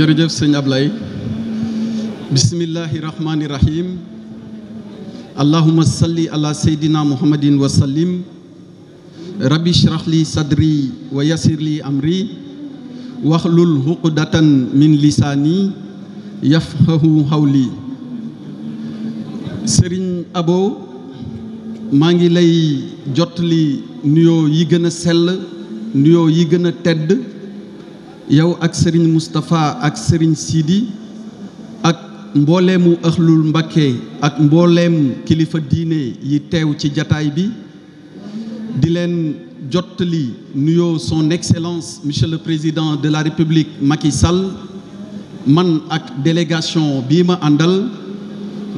jërëjëf sëñ Ablaye bismillahi rahmaani rahim allahuma salli ala seydina muhammadin wa sallim rabbi shrah li sadri wa yassir li amri waxlul xuqdatan min lisaani yafqahu xawli sëriñ abo maa ngi lay jot li nuyoo yi gën a sell nuyoo yi gën a tedd yow ak sëriñ Moustapha ak sëriñ Sidi ak mbooleemu ëxlul Mbakke ak mbooleem kilifa diine yi teew ci jataay bi di leen jottali nuyoo son excellence monsieur le président de la république Macky Sall man ak délégation bii ma àndal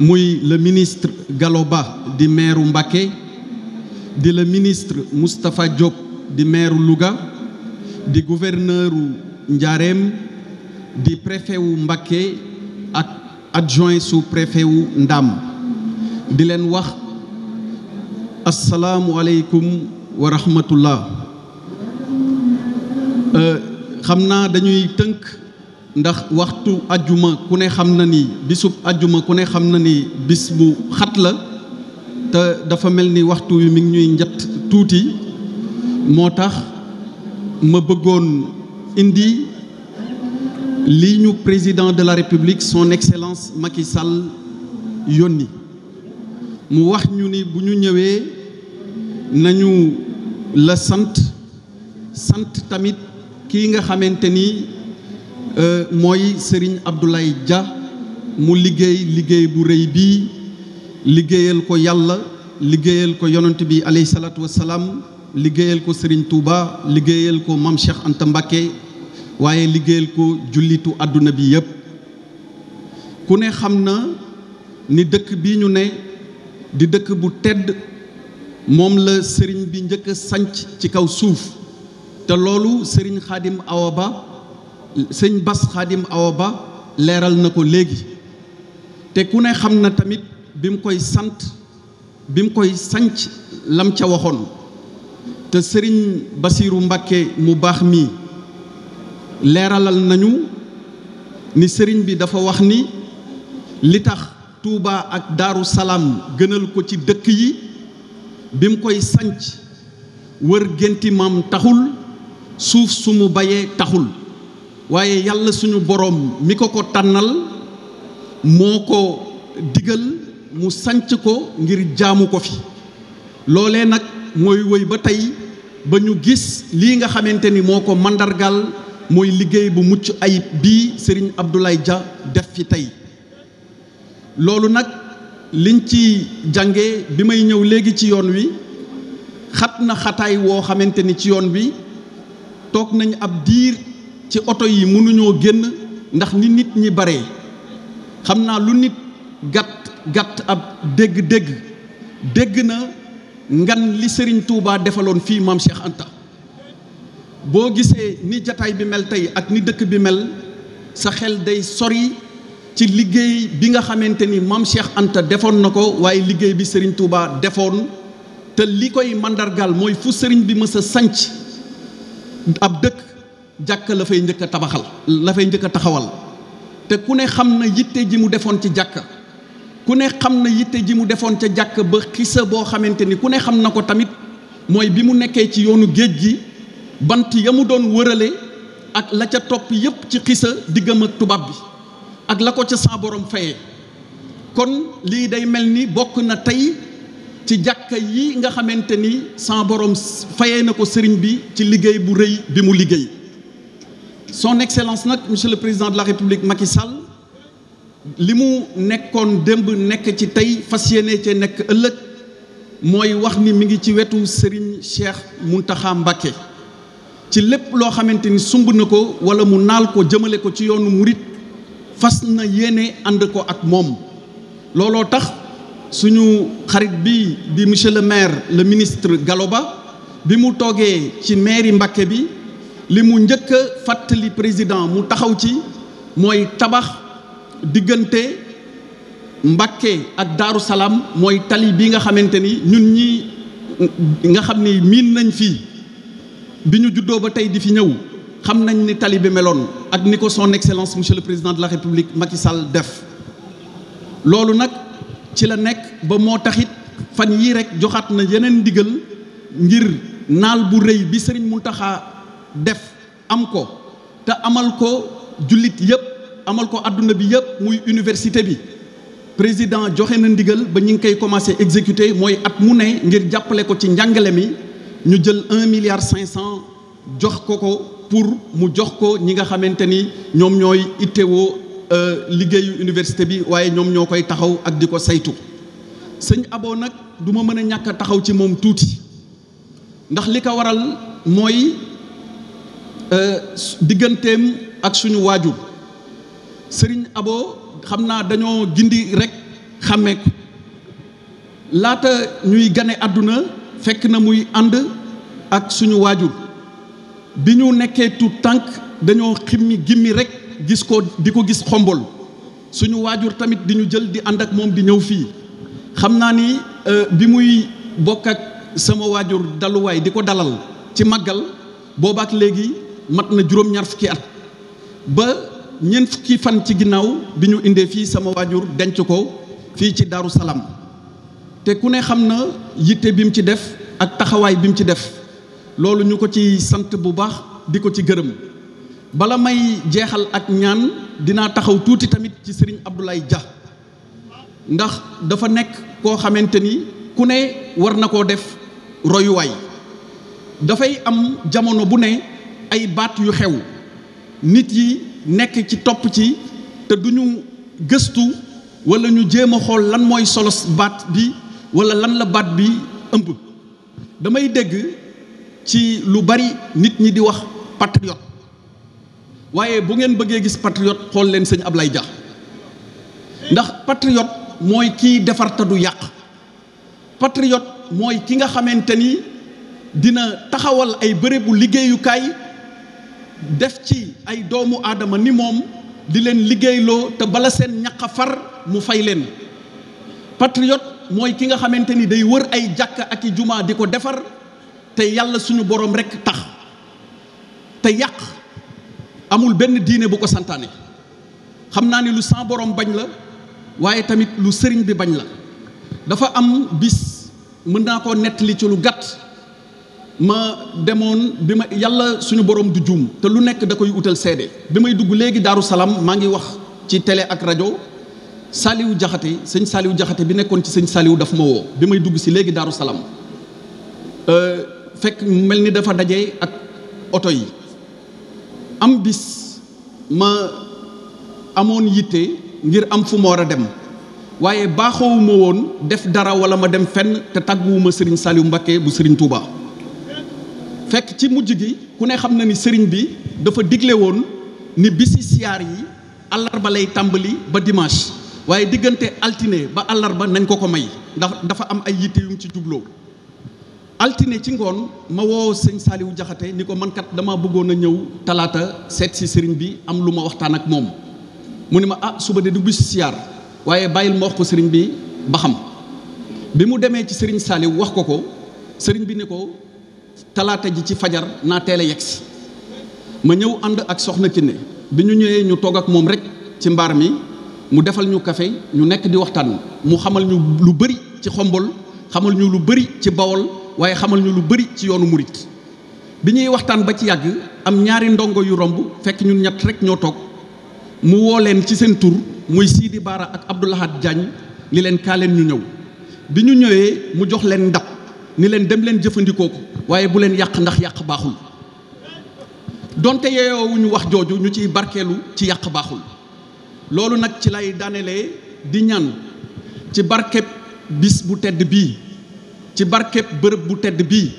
muy le ministre Gallo Ba di maire Mbacké di le ministre Moustapha Diop di maire Louga di gouverneur njaareem di préfet wu Mbacké ak adjoint sous préfet wu Ndam di leen wax asalaamualeykum wa rahmatullah euh, xam naa dañuy tënk ndax waxtu ajjuma ku ne xam na ni bisub ajjuma ku ne xam na ni bis bu xat la te dafa mel ni waxtu wi mi ngi ñuy njatt tuuti moo tax ma bëggoon indi lii ñu président de la république son excellence Macky Sall yónni mu wax ñu ni bu ñu ñëwee nañu la sant sant tamit kii nga xamante ni euh, mooy sëriñ Abdoulaye ja mu liggéey liggéey bu rëy bii liggéeyal ko yàlla liggéeyal ko yonent bi alayhi salaatu salaam liggéeyal ko Serigne Touba liggéeyal ko mam Cheikh ant Mbacké waaye liggéeyal ko jullitu àdduna bi yépp ku ne xam na ni dëkk bi ñu ne di dëkk bu tedd moom la sëriñ bi njëkk a sanc ci kaw suuf te loolu sëriñ xaadim awa ba sëñ bas xaadim awa ba leeral na ko léegi te ku ne xam na tamit bi koy sant bi koy sanc lam ca waxoon te sëriñ basiiru mbàkke mu baax mii leeralal nañu ni sëriñ bi dafa wax ni li tax Touba ak Daaru Salaam gënal ko ci dëkk yi bi mu koy sanc wër génti maam taxul suuf su mu bayee taxul waaye yàlla suñu boroom mi ko ko tànnal moo ko digal mu sanc ko ngir jaamu ko fi loolee nag mooy woy ba tey ba ñu gis lii nga xamante ni moo ko màndargal mooy liggéey bu mucc ayib bii Serigne Abdoulaye ja def fi tey loolu nag liñ ci jànge bi may ñëw léegi ci yoon wi xat na xataay woo xamante ni ci yoon wi toog nañu ab diir ci oto yi mënuñoo génn ndax ni nit ñi bare xam naa lu nit gàtt gàtt ab dégg-dégg dégg na ngan li sëriñ Touba defaloon fii maam Cheikh Anta. boo gisee ni jataay bi mel tey ak ni dëkk bi mel sa xel day sori ci liggéey bi nga xamante ni maam Cheikh Anta defoon na ko waaye liggéey bi Serigne Touba defoon te li koy màndargal mooy fu sëriñ bi mës a sanc ab dëkk jàkk la fay njëkk a tabaxal njëkk a taxawal te ku ne xam na yitte ji mu defoon ci jàkk ku ne xam na yitte ji mu defoon ca jàkk ba xisa boo xamante ni ku ne xam na ko tamit mooy bi mu nekkee ci yoonu géej gi bant ya mu doon wërale ak la ca topp yépp ci xisa diggam ak tubaab bi ak la ko ca saa borom fayee kon lii day mel ni bokk na tey ci jàkka yi nga xamante ni saa borom fayee na ko sëriñ bi ci liggéey bu rëy bi mu liggéey son excellence nag monsieur le président de la république Macky Sall li mu nekkoon démb nekk ci tey fas yéene cee nekk ëllëg mooy wax ni mi ngi ci wetu sëriñ Cheikh Mountakha Mbacké ci lépp loo xamante ni sumb na ko wala mu naal ko jëmale ko ci yoonu murit fas na yéene ànd ko ak moom looloo tax suñu xarit bi di monsieur le maire le ministre Gallo Ba bi mu toogee ci mairie Mbacké bi li mu njëkk a fàttali président mu taxaw ci mooy tabax diggante Mbacké ak Daaru Salaam mooy tali bi nga xamante ni ñun ñi nga xam ni miin nañ fii bi ñu juddoo ba tey di fi ñëw xam nañ ni tali meloon ak ni ko son excellence monsieur le président de la république Macky Sall def loolu nag ci la nekk ba moo taxit fan yii rek joxaat na yeneen ndigal ngir naal bu rëy bi mu Mountakha def am ko te amal ko jullit yëpp amal ko adduna bi yëpp muy université bi président joxe na ndigal ba ñu ngi koy commencé exécuter mooy at mu ne ngir jàppale ko ci njàngale mi ñu jël un milliard cinq cent jox ko ko pour mu jox ko ñi nga xamante ni ñoom ñooy ittewoo euh, liggéeyu université bi waaye ñoom ñoo koy taxaw ak di ko saytu sëñ aboo nag duma mën a ñàkk a taxaw ci moom tuuti ndax li ko waral mooy euh, digganteem ak suñu waajur sëriñ aboo xam naa dañoo gindi rek xàmmee ko laata ñuy gane àdduna fekk na muy ànd ak suñu waajur bi ñu nekkee tuut tànk dañoo ximmi gimmi rek gis ko di ko gis xombol suñu waajur tamit di ñu jël di ànd ak moom di ñëw fii xam naa ni euh, bi muy bokk ak sama waajur daluwaay di ko dalal ci maggal boobaak léegi mat na juróom-ñaar fukki at ba ñeent fukki fan ci ginnaaw bi ñu indee fii sama waajur denc ko fii ci Daaru Salaam te ku ne xam na yitte bi mu ci def ak taxawaay bi mu ci def loolu ñu ko ci sant bu baax di ko ci gërëm bala may jeexal ak ñaan dinaa taxaw tuuti tamit ci sëriñ Abdoulaye Dia ndax dafa nekk koo xamante ni ku ne war na koo def royuwaay dafay am jamono bu ne ay baat yu xew nit yi nekk ci topp ci te duñu gëstu wala ñu jéem a xool lan mooy solos baat bi wala lan la baat bi ëmb damay dégg ci lu bari nit ñi di wax patriote waaye bu ngeen bëggee gis patriote xool leen sëñ lay Dia ndax patriote mooy ci defar du yàq patriote mooy ki nga xamante ni dina taxawal ay bërëbu liggéeyukaay def ci ay doomu aadama ni moom di leen liggéeyloo te bala seen ñaq far mu fay leen patriote mooy ki nga xamante ni day wër ay jàkka ak i jumaa di ko defar te yàlla suñu boroom rekk tax te yàq amul benn diine bu ko santaane xam naa ni lu sans boroom bañ la waaye tamit lu sëriñ bi bañ la dafa am bis mën naa koo nettali ci lu gàtt ma demoon bi ma yàlla suñu borom du juum te lu nekk da koy utal seede bi may dugg léegi Daaru Salaam maa ngi wax ci tele ak rajo Saliou jaxate sëñ Saliou jaxate bi nekkoon ci sëñ Saliou dafa ma woo bi may dugg si léegi Daaru Salaam euh, fekk mel ni dafa daje ak oto yi am bis ma amoon yitte ngir am fu ma war a dem waaye baaxoowuma woon def dara wala ma dem fenn te tàgguwuma sëriñ Saliou Mbacké bu sëriñ tuuba fekk ci mujj gi ku ne xam na ni sëriñ bi dafa digle woon ni bisi siyaar yi àllarba lay tàmbali ba dimanche. waaye diggante altine ba allar àllarba nañ ko ko may ndax dafa am ay yitte yum ci jubloo altine ci ngoon ma woo sëñ Saliou Jaxate ni ko mankat kat dama bëggoon a ñëw talaata seet si sëriñ bi am lu ma waxtaan ak moom mu ni ma ah suba de du bis siyaar waaye bàyyil ma wax ko sëriñ bi ba xam bi mu demee ci sëriñ Saliou wax ko ko sëriñ bi ne ko talaata ji ci fajar naa teel yegsi ma ñëw ànd ak soxna Kiné bi ñu ñëwee ñu toog ak moom rek ci mbaar mi mu defal ñu kafe ñu nekk di waxtaan mu xamal ñu lu bari ci xombol xamal ñu lu bëri ci bawol waaye xamal ñu lu bëri ci yoonu murit bi ñuy waxtaan ba ci yàgg am ñaari ndongo yu romb fekk ñu ñett rek ñoo toog mu woo leen ci seen tur muy Sidi Baara ak Abdoulahad Diagne ni leen kaaleen ñu ñëw bi ñu ñëwee mu jox leen ndab ni leen dem leen jëfandikoo ko waaye bu leen yàq ndax yàq baaxul donte yeyoowuñu wax jooju ñu ciy barkeelu ci yàq baaxul loolu nag ci lay danele di ñaan ci barkeb bis bu tedd bii ci barkeb bërëb bu tedd bii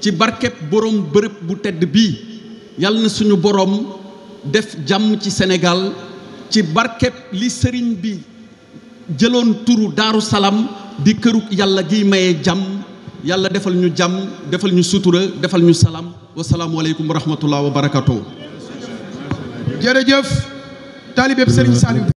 ci barkeb boroom bërëb bu tedd bii yàlla na suñu boroom def jàmm ci senegal ci barkeb li sëriñ bi jëloon turu Daaru Salaam di kërug yàlla giy maye jàmm yàlla defal ñu jàmm defal ñu sutura defal ñu salaam wasalaamualeykum wa rahmatullah wa barakatuh jërëjëf taalibeeb Serigne Saliou